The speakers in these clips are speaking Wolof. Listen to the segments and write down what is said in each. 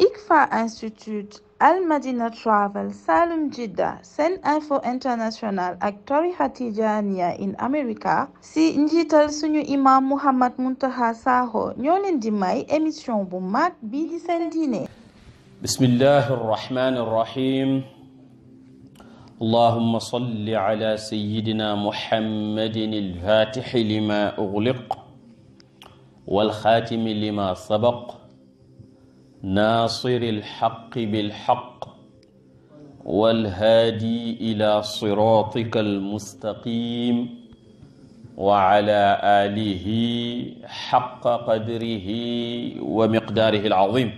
ICFA Institute Al Madina Travel Salum Jidda Sen Info International ak tarixa Tijaaniya in America si njiital suñu imam Mouhammad Muntaqa Sakho ñoo leen di may émission bu mag bii di seen diine bismillahi arrahmani arrahim allahumma salli ala sayyidina muhammadin alfatixi lima ugliq walxaatimi lima sabaq naasiri alxaqi bilxaq walhaadi ila siraatika almustaqim wa ala aalihi xaqa qadrihi wa miqdaarihi alazim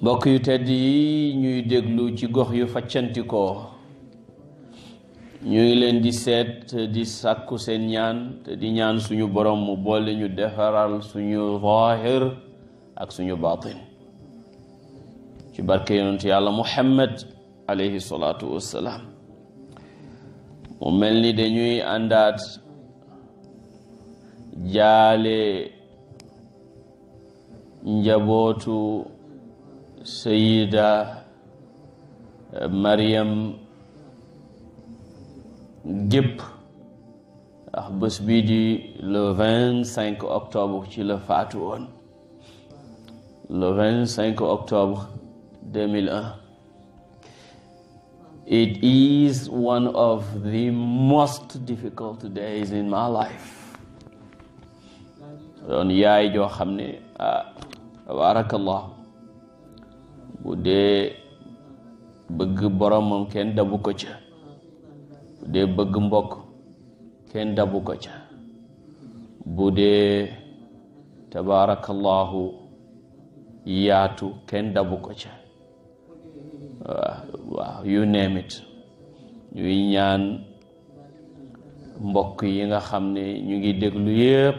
mbokk yu tedd yi ñuy déglu ci gox yu faccantikoo ñuy leen di seet di sàkku seen ñaan te di ñaan suñu borom mu boole ñu defaral suñu zaahir ak suñu baatin ci barke yonent yàlla muhammad alayhi mu mel ni dañuy àndaat jaale njabootu sayida Maryam gépp ndax bés bii di le vingt octobre ci la faatu woon le 25 octobre It is one of the most difficult days in my life. doon yaay joo xam ne ah tabarakallah bu dee bëgg boromam kenn dabu ko ca bu dee bëgg mbokk kenn dabu ko ca bu dee yaatu kenn dabu ko ca waaw waaw you name it ñuy ñaan mbokk yi nga xam ne ñu ngi déglu yépp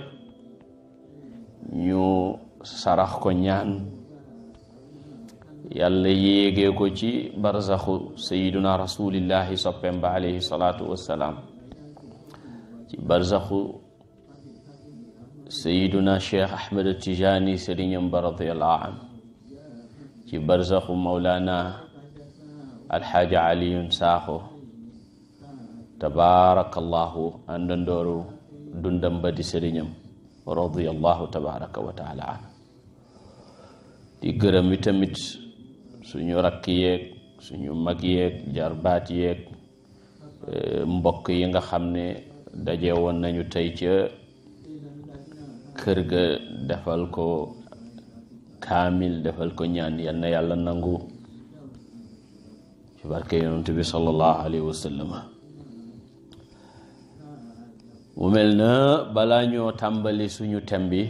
ñu sarax ko ñaan yàlla yéegee ko ci barzaxu sayiduna rasulillahi soppem ba alayhi salaatu wassalaam ci barzaxu sayiduna cheikh ahmada tijaani sëriñam ba radiallahu an ci barzaxu mawlaana alxaaji aliyun saaxo tabaarakallahu àndandooru dundam ba di sëriñam radiallahu tabaraka wa taala an di gërëm itamit suñu rakk yeeg suñu mag yeeg jarbaat yeeg eh, mbokk yi nga xam ne daje woon nañu tey kër ga defal ko kaamil defal ko ñaan yal na yàlla nangu ci barke yonent bi sallallahu alayhi wa mu mel na balaa ñoo tàmbali suñu tembi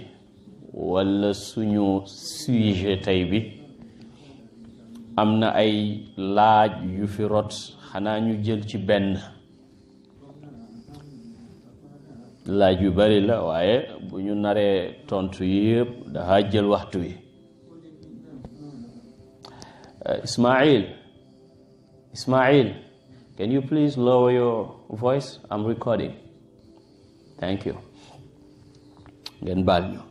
bi suñu sujet tey bi am na ay laaj yu fi rot xanaa ñu jël ci benn laaj yu bari la waaye bu ñu naree tontu yëpp dafa jël waxtu wi uh, Ismail Ismail can you please lower your voice I'm recording thank you ngeen baal ñu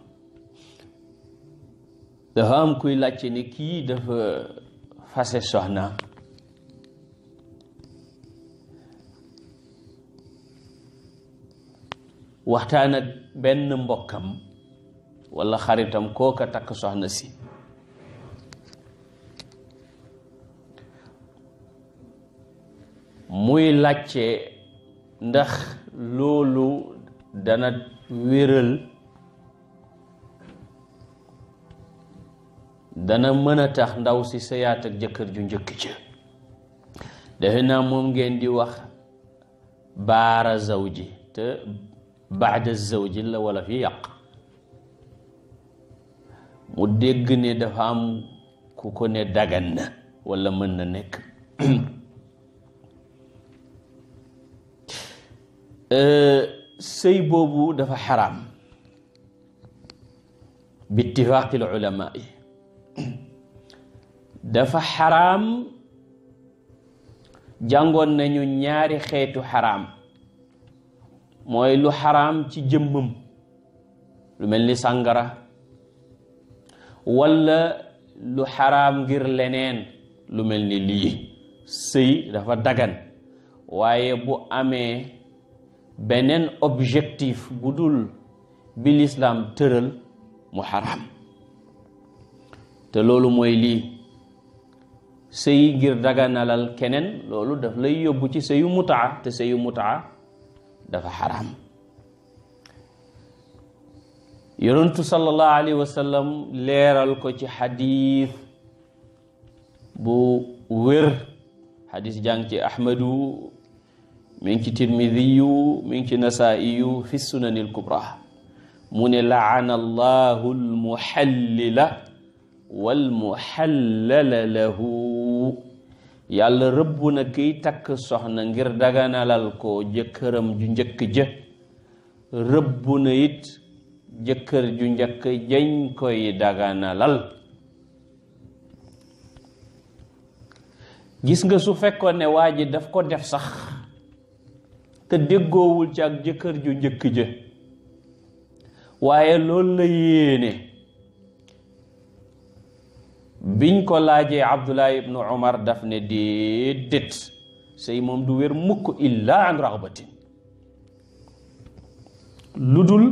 dafa am kuy laajte ni kii dafa fase soxna waxtaan ak benn mbokkam walla xaritam kooka takk soxna si muy laajte ndax loolu dana wéral dana mën a tax ndaw si sëyaat ak jëkkër ju njëkk ca defe naa moom ngeen di wax baara zaw ji te baada zawji la wala fi yàq mu dégg ne dafa am ku ko ne dagan na wala mën na nekk euh, sëy boobu dafa xaraam bi ittifaaqil ulamaa yi dafa xaraam jàngoon nañu ñaari xeetu xaraam mooy lu xaraam ci jëmmam lu mel ni sàngara walla lu xaraam ngir leneen lu mel ni lii sëy dafa dagan waaye bu amee beneen objectif bu dul bi lislaam tëral mu xaraam te loolu mooy lii sëy ngir daganalal keneen loolu daf lay yóbbu ci sëyu mutaa te sëyu mutaa dafa xaraam yonentu sallallahu alayhi wa sallam ko ci xadiis bu wér xadiis jàng ci ahmadu mi ngi ci tirmidiyu fi sunanil kubra mu ne laana allahu almuxallila walmuxallala yàlla rëbb na kiy takk soxna ngir daganalal ko jëkkëram ju njëkk jë rëbb na it jëkkër ju njëkk jañ koy lal gis nga su fekkoon ne waa ji daf ko def sax te déggowul ci ak jëkkër ju njëkk jë waaye loolu la yéene biñ ko laajee abdullah ibnu umar daf ne déedéet sëy moom du wér mukk illa an raxbatin lu dul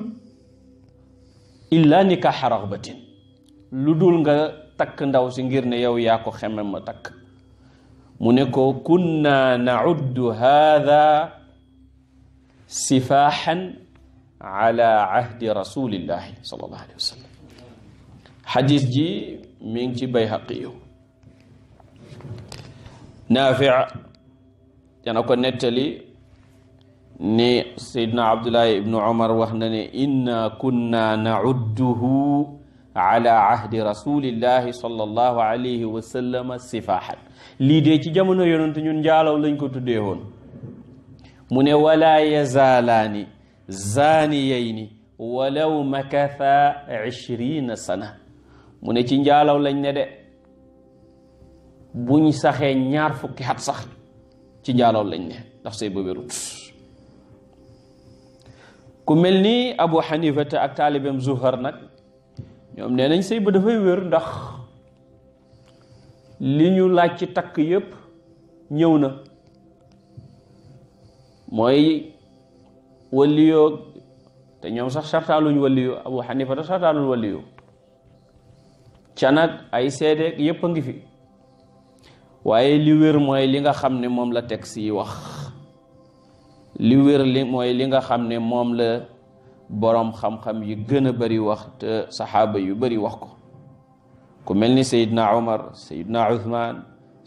illa nikaaxa raxbatin lu nga takk ndaw si ngir ne yow yaa ko xeme ma takk mu ne ko kunna nauddu haada sifaaxan ala ahdi rasulillahi sallallahu alayhi wa sallam xadis ji mi ngi ci bayhaqi ko nettali ni seydna abdullahi ibnu umar wax na ne inna kunna nacudduhu ala ahdi rasulillahi sallallahu alayhi wa sallama sifaaxan lii dee ci jamono yonent ñun njaalaw lañ ko tuddee ne wala makatha sana mu ne ci njaaloo lañ ne de buñ saxee ñaar fukki at sax ci njaalaw lañ ne ndax say ba wérut ku mel ni Abu Hanifa te ak taalibeem suufar nag ñoom ne nañ sëy ba dafay wér ndax li ñu laaj ci takk yépp ñëw na mooy walliyoo te ñoom sax sartaaluñ walliyoo Abu Hanifa te sartaalul walliyoo ca nag ay seede yépp a ngi fi waaye li wér mooy li nga xam ne moom la texte yi wax li wér li mooy li nga xam ne moom la boroom xam-xam yi gën a bari wax te saxaaba yu bari wax ko ku mel ni sayidna omar sayidna uthman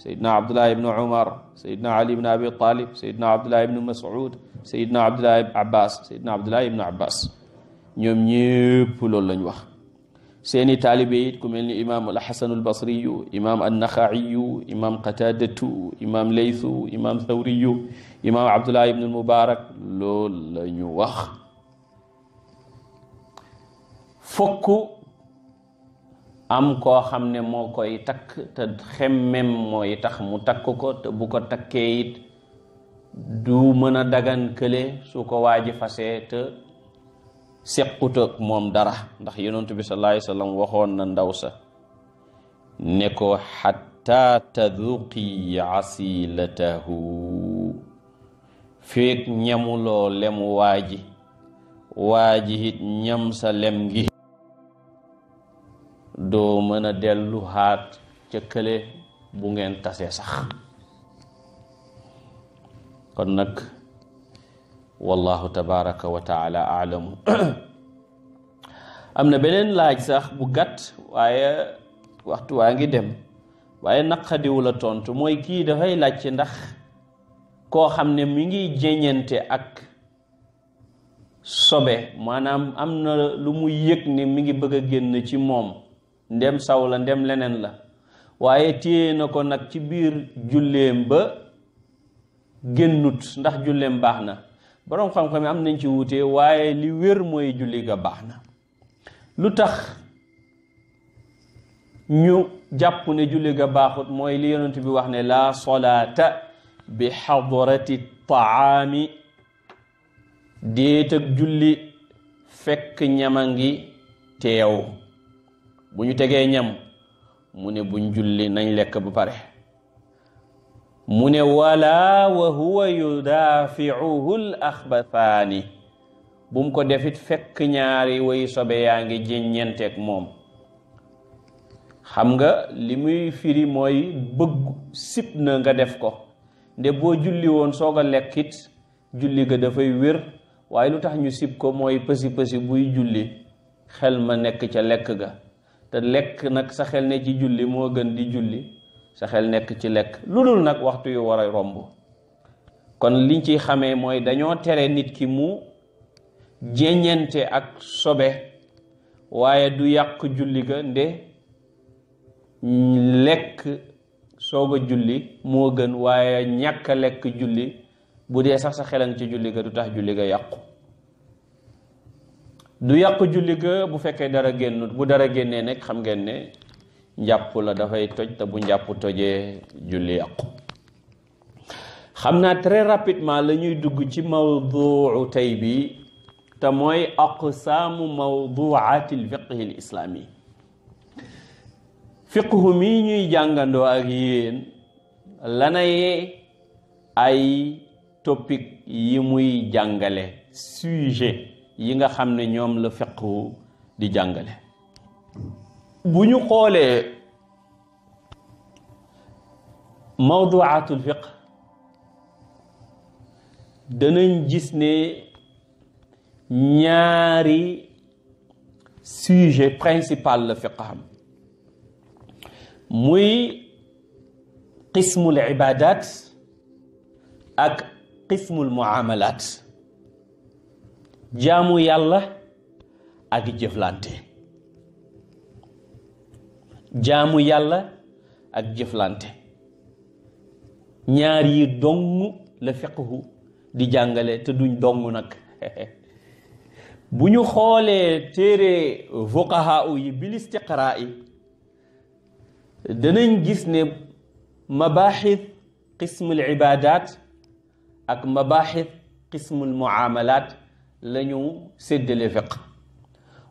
sayidna abdullah ibnu omar sayidna ali ibnu abi talib sayidna abdullah ibnu mas'ud sayidna abdullah abbas sayidna abdullah ibnu abbas ñoom ñépp loolu lañ wax seeni taalibe it ku mel ni imaam alxasanul basriyu imaam annaxaaciyu imaam qataadatu imaam laythu imaam thawriyu imaam abdullahi ibnu mubaarak loolu la ñu wax fokk am koo xam ne moo koy takk te xemmem mooy tax mu takk ko te bu ko mën a dagan kële su ko waaji fasee te sequt moom dara ndax yonent bi sallallahu waxoon na ndaw sa ne ko xatta taduqi asilatahu feek ñamuloo lem waaji waaji it ñam sa lem ngi doo mën a dellu ca kële bu ngeen tasee sax kon nag wallahu tabaraka wa taala aalamu am na beneen laaj sax bu gàtt waaye waxtu waa ngi dem waaye naqadiwu la tontu mooy kii dafay laaj ndax koo xam ne mi ngi jeñante ak sobe maanaam am na lu mu yëg ne mi ngi bëgg a génn ci moom ndem saw la ndem leneen la waaye téye na ko nag ci biir julleem ba génnut ndax julleem baax na boroom xam-xam yi am nañ ci wuute waaye li wér mooy julli ga baax na lu tax ñu jàpp ne julli ga baaxut mooy li yonent bi wax ne laa solaata bi xadrati taami déet ak julli fekk ñama ngi teew bu ñu tegee ñam mu ne buñ julli nañ lekk bu pare mu ne wala wa huwa yudaafiuhu l axbathaani bum ko defit fekk ñaari woyu sobe yaa ngi jéññenteeg moom xam nga li muy firi mooy bëgg sip na nga def ko nde boo julli woon soog a lekkit julli ga dafay wér waaye lu tax ñu sib ko mooy pësi pësi buy julli xel ma nekk ca lekk ga te lekk nag sa xel ne ci julli moo gën di julli sa xel nekk ci lekk lu dul nag waxtu yu war a romb kon liñ ci xamee mooy dañoo tere nit ki mu jeññente ak sobe waaye du yàq julli ga nde lekk soog a julli moo gën waaye ñàkk lekk julli bu dee sax sa xelan ci julli ga du tax julli ga yàqu du yàq julli ga bu fekkee dara génnut bu dara génnee nekk xam ngeen ne njàpp la dafay toj te bu njàpp tojee julli yàqu xam naa très rapidement la ñuy dugg ci mawduu tey bi te mooy aqsaamu mawduaati lfiqhi l islaami fiqhu mi ñuy jàngandoo ak yéen lanay ay topic yi muy jàngale sujet yi nga xam ne ñoom la fiqhu di jàngale bu ñu xoolee mawduaatul fiq danañ gis ne ñaari sujet principal la fiq xam muy qismul ibadat ak qismul muamalat jaamu yàlla ak jëflante jaamu yàlla ak jëflante ñaar yi dong la fiqhu di jàngale te duñ dong nag bu ñu xoolee téere fuqahaa yi bil istiqraa yi danañ gis ne mabaaxis qismul ibaadaat ak mabaaxis qismul muamalaat la ñu séddale fiq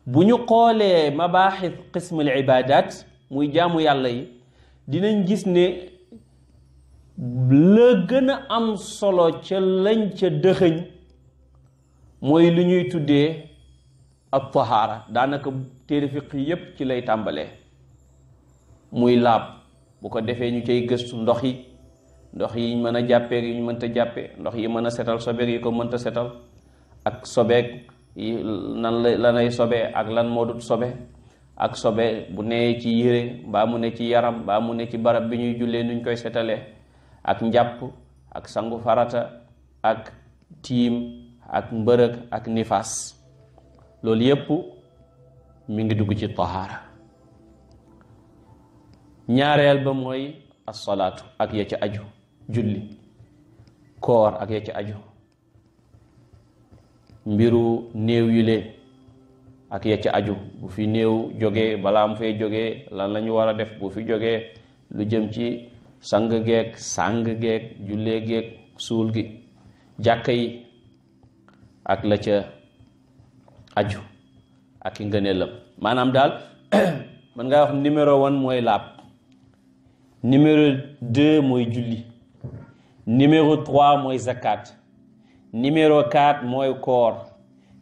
bu ñu xoolee mabaaxis qismul ibaadaat muy jaamu yàlla yi dinañ gis ne la gën a am solo ca lañ ca dëxëñ mooy li ñuy tuddee ab tahaara daanaka téere fiq yépp ci lay tàmbalee muy laab bu ko defee ñu cay gëstu ndox yi ndox yi mën a jàppeeg yi ñu mënta jàppee ndox yi mën a setal sobeeg yi ko mënta setal ak sobeeg yi nan la lanay sobee ak lan moo dut sobe ak sobe bu nee ci yére mbaa mu ne ci yaram mbaa mu ne ci barab bi ñuy jullee nuñ koy setale ak njàpp ak sangu farata ak tiim ak mbërëk ak nifaas loolu yépp mu ngi dugg ci tahaara ñaareel ba mooy asalaatu ak ya ci aju julli koor ak ya ci aju mbiru néew yile ak ya ca aju bu fi néew jógee balaa mu fay jógee lan lañu ñu war a def bu fi jógee lu jëm ci sang geeg sàng geeg jullee geeg suul gi jàkka yi ak la ca aju ak i ngëneelam maanaam daal mën ngaa wax numéro one mooy làpp numéro deux mooy julli numéro trois mooy sa zakat numéro quatre mooy koor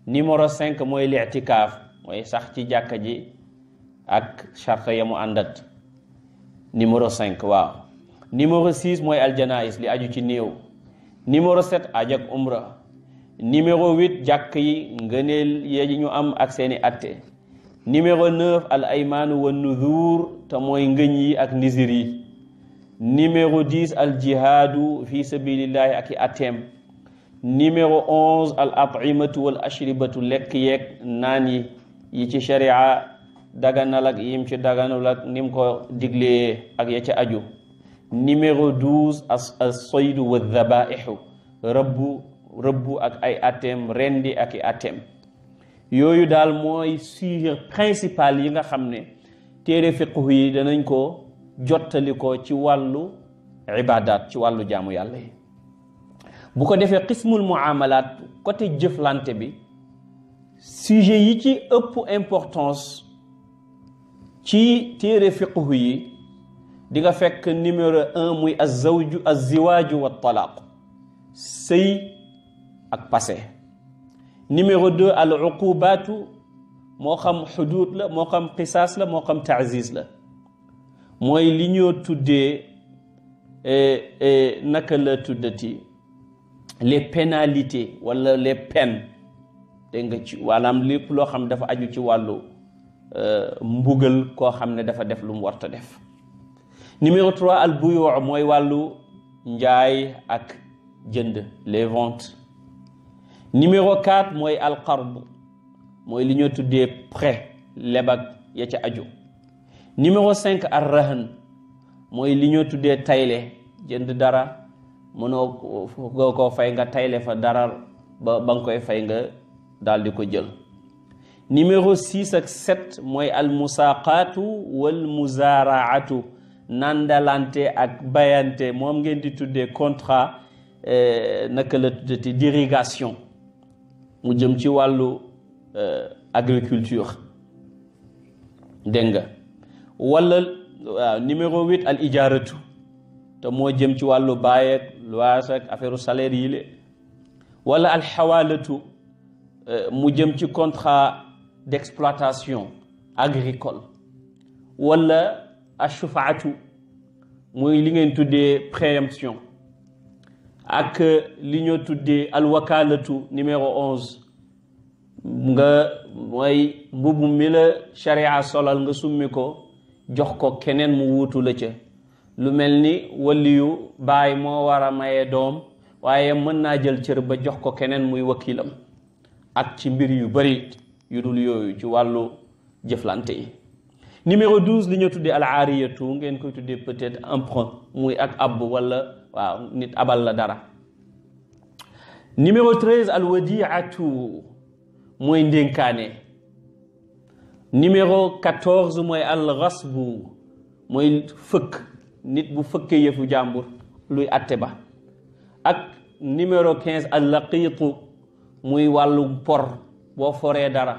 numéro cinq mooy litikaaf mooy sax ci jàkk ji ak charte ya mu àndat numéro cinq waaw numéro six mooy aljanais li aju ci néew numéro sept aj ak umra numéro huit jàkk yi ngëneel yi ñu am ak seeni atte numéro neuf al aymaanu wa nuzuur te mooy ngëñ yi ak nisir yi numéro dix al jihaadu fi sabilillahi ak i atteem numéro onze al atimatu wal ashribatu lekk yeeg naan yi yi ci sharia daganal ak yim ci daganul ak nim ko digle ak ya ca aju numéro douze as soydu wa dhabaixu rëbbu rëbbu ak ay atem rendi ak i atem yooyu daal mooy sujet principal yi nga xam ne téere fiqhu yi danañ ko jottali ko ci wàllu ibadat ci wàllu jaamu yàlla yi bu ko defee xismul muamalaat côté jëflante bi sujet yi ci ëpp importance ci téere fiqhu yi di nga fekk numéro un muy azawju aziwaaju wa talaaq sëy ak passé numéro deux al uqubaatu moo xam xuduud la moo xam qisaas la moo xam taaziz la mooy li ñoo tuddee eh, eh, naka la tuddati les pénalités walla le peines dégg nga ci maanaam lépp loo xam dafa aju ci wàllu euh, mbugal koo xam ne dafa def lu mu warta def numéro 3 al buyu' mooy wàllu njaay ak jënd les ventes numéro 4 mooy al qard mooy li ñoo tuddee prêt lebak ya ci aju numéro 5 ar rahn mooy li ñoo tuddee tayle jënd dara mënoo goo koo fay nga tayle fa dara ba ba nga koy fay nga daal di ko jël numéro 6 ak 7 mooy almusaaqaatu wal muzaaraatu nandalante ak bayante moom ngeen di tuddee contrat eh, naka la tuddati d'irrigation mu jëm ci wàllu eh, agriculture dégg nga wala waaw numéro al ijaaratu te moo jëm ci wàllu baay ak luwaas ak salaire yi le wala alxawaalatu euh, mu jëm ci contrat d'exploitation agricole wala ashufaatu muy li ngeen tuddee préemption ak euh, li ñoo tuddee alwakalatu numéro onze nga mooy mbubu mi la charia solal nga summi ko jox ko keneen mu wuutu la ca lu mel ni waliyu baay moo war a maye doom waaye mën naa jël cër ba jox ko keneen muy wakiilam ak ci mbir yu bari yu dul yooyu ci wàllu jëflante yi numéro 12 li ñu tuddee al aariyatu ngeen koy tuddee peut-être emprunt muy ak ab wala waaw nit abal la dara numéro 13 al wadiatu mooy ndénkaane numéro 14 mooy al rasbu mooy fëkk nit bu fëkkee yëfu jàmbur luy atte ba ak numéro 15 al laqiitu muy wàllu por boo foree dara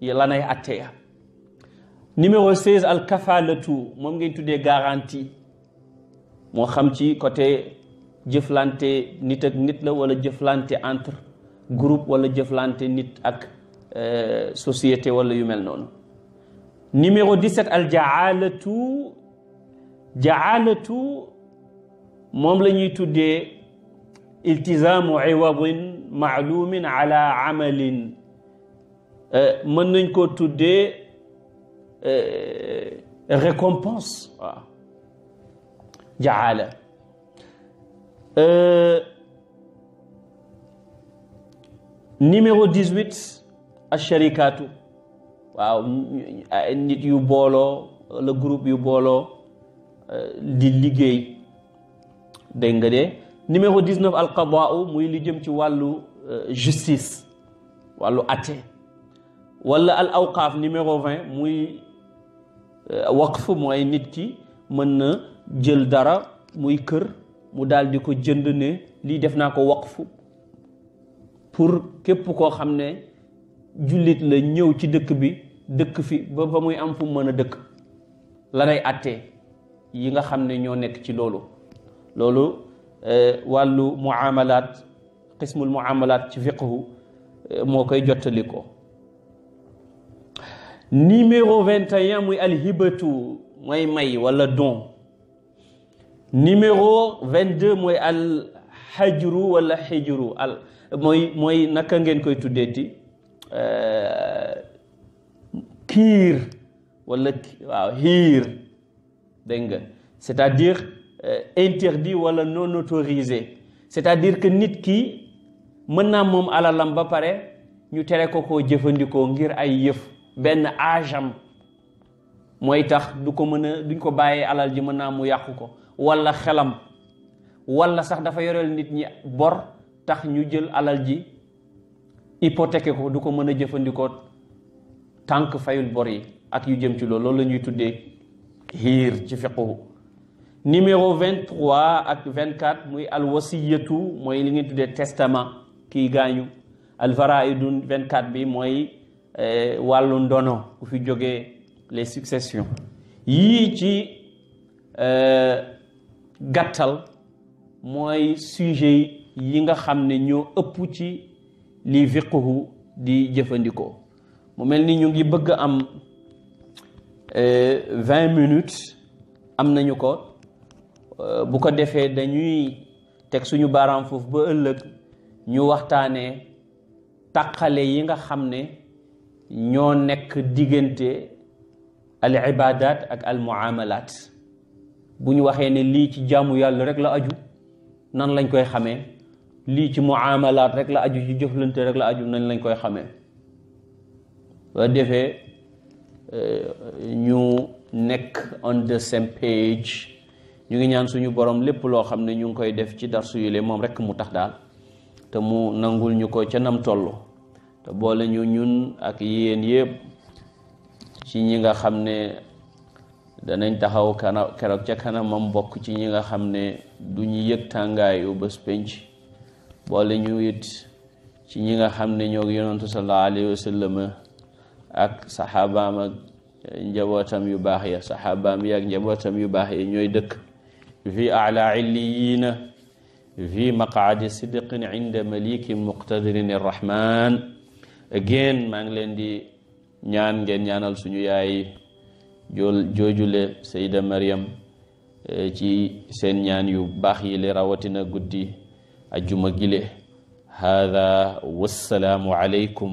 yi la nay atte ya numéro 16 al kafalatu moom ngeen tuddee garantie moo xam ci côté jëflante nit ak nit la walla jëflante entre groupe wala jëflante nit ak euh, société wala yu mel noonu numéro 17 al jaalatu jahalatu moom la ñuy tuddee iltisaamu iwadin maalumin ala amalin euh, mën nañ koo tuddee euh, récompense waaw jaala euh, numéro 18 asharikatu waaw nit yu booloo le groupe yu booloo Euh, di liggéey dégg nga de numéro 19 alqadaa muy li jëm ci wàllu euh, justice wàllu atte walla al awqaaf numéro 20 muy euh, waqf mooy nit ki mën na jël dara muy kër mu daal di ko jënd ne lii def naa ko waqf pour képp koo xam ne jullit la ñëw ci dëkk bi dëkk fi ba ba muy am fu mu mën a dëkk la lay attee yi nga xam ne ñoo nekk ci loolu loolu euh, wàllu muamalaat qismul muamalaat ci fiqhu euh, moo koy jottali ko numéro 21 muy alhibatu mooy may wala don numéro 22 mooy al xajru wala xijru al mooy mooy naka ngeen koy tuddeeti euh, kiir wala waaw dégg nga c'est-à-dire euh, interdit wala non autorisé c'est-à-dire que nit kii mën naa moom alalam ba pare ñu tere ko koo jëfandikoo ngir ay yëf benn âge mooy tax du ko mën a duñ ko bàyyee alal ji mën naa mu yàqu ko walla xelam wala sax dafa yoreel nit ñi bor tax ñu jël alal ji hypothéqué ko du ko mën a jëfandikoo tànk fayul bor yi ak yu jëm ci loolu loolu la ñuy tuddee xiir ci fiqhu numéro 23 ak 24 muy alwasiyatu mooy li ñuy tuddee testament kii gaañu alfaraidu 24 bi mooy eh, wàllu ndono ku fi jógee les successions yii ci eh, gàttal mooy sujet yi nga xam ne ñoo ëpp ci li fiqhu di jëfandikoo mu mel ni ñu ngi bëgg am Euh, vingt minutes am nañu ko euh, bu ko defee dañuy teg suñu baaraam foofu ba ëllëg ñu waxtaanee taqale yi nga xam ne ñoo nekk diggante al ibadat ak al muamalat bu ñu waxee ne lii ci jàmm yàlla rek la aju nan lañ koy xamee lii ci muamalaat rek la aju ci jëflante rek la aju nan lañ koy xamee ba defee Euh, ñu nekk on the same page ñu ngi ñaan suñu borom lépp loo xam ne ñu ngi koy def ci darsu yile moom rek mu tax daal te mu nangul ñu ko ca nam toll te boole ñu ñun ak yéen yépp ci ñi nga xam ne danañ taxaw kana ca kanamam bokk ci ñi nga xam ne du ñu yëg tàngaayu bés penc boole ñu it ci ñi nga xam ne ñoo ngi yonantu sallallahu alayhi wa ak saxaabaam ak njabootam yu baax ya saxaabaam yi njabootam yu baax ya ñooy dëkk fi ala illiyiina vi maqaadi sidqin inda malikin muqtadirin irrahman again maa ngi leen di ñaan ngeen ñaanal suñu yaay jool joojule sayda Maryam eh, ci seen ñaan yu baax yi le rawatina guddi ajuma gile hada salaam aleykum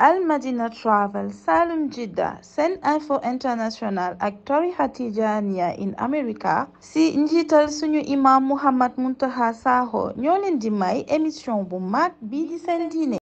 almadina madina travel salum jidda seen info international ak tarixa tijaniya in america si njiital suñu imam muhammad muntaha sakho ñoo leen di may émission bu mag bi di seen